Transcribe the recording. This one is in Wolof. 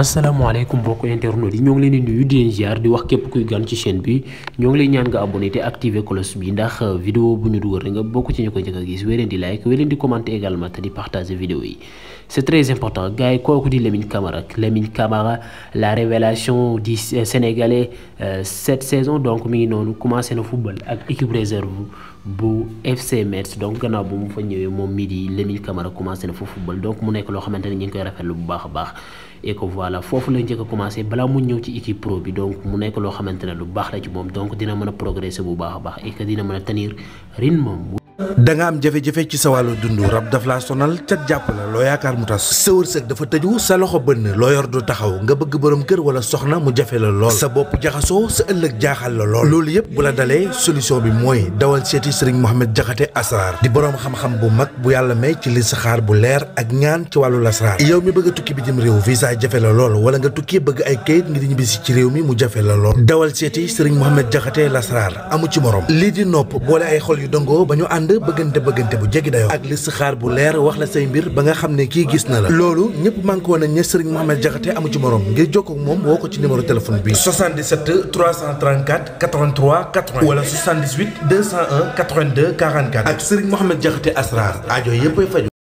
asalaamaaleykum mbokk internet yi ñoo ngi leen di nuyu di leen ziar di wax képp kuy gan ci chaîne bi ñoo ngi leen ñaan nga abonné te activer cloche bi ndax euh, vidéo bu ñu dugal nga bokk ci ñu ko njëkk gis wéy di like wéy di commenter également te di partager vidéo yi c'est très important gars yi kooku di Lamine Camara Lamine Camara la révélation du euh, Sénégalais euh, cette saison donc mi ngi noonu commencé na football ak équipe réserve bu FC Metz donc gannaaw bu mu fa ñëwee moom midi Lamine Camara commencé na fa football donc mu nekk loo xamante ne ñu ngi koy rafetlu bu baax a baax et que voilà fofu la jëk commencé balaa mu ñëw ci équipe pro bi donc mu nekk lo xamantene lu baax la ci mom donc dina mëna progresser bu baax baax et que dina mëna tenir rythme da nga am jafe-jafe ci sa wàllu dund rab daf laa sonal cat jàpp la loo yaakaar mu tas sa wërsëg dafa tëju sa loxo bënn loo yor du taxaw nga bëgg boroom kër wala soxna mu jafe la lool sa bopp jaxasoo sa ëllëg jaaxal la lool loolu yëpp bu la dalee solution bi mooy dawal seeti sëriñ Mohamed Jaxate asraar di borom xam-xam bu mag bu yàlla may ci li saxaar bu leer ak ñaan ci wàllu lasraar yow mi bëgg a tukki bitim réew visa jafe la lool wala nga tukki bëgg ay kayit ngir ñibbisi ci réew mi mu jafe la lool dawal seeti sëriñ Mohamed Jaxate lasraar amu ci morom lii di nopp boole ay ànd bëggante bëggante bu jéggi dayoo ak listixaar bu leer wax la say mbir ba nga xam ne kii gis na la loolu ñëpp manqué woon nañ ne Serigne Mohamed amu ci morom ngir jokkoo ak moom woo ko ci numéro téléphone bi 77 334 83 80 wala 78 201 82 44 ak Serigne Mohamed Diakhaté Asrar aajo yëppay faju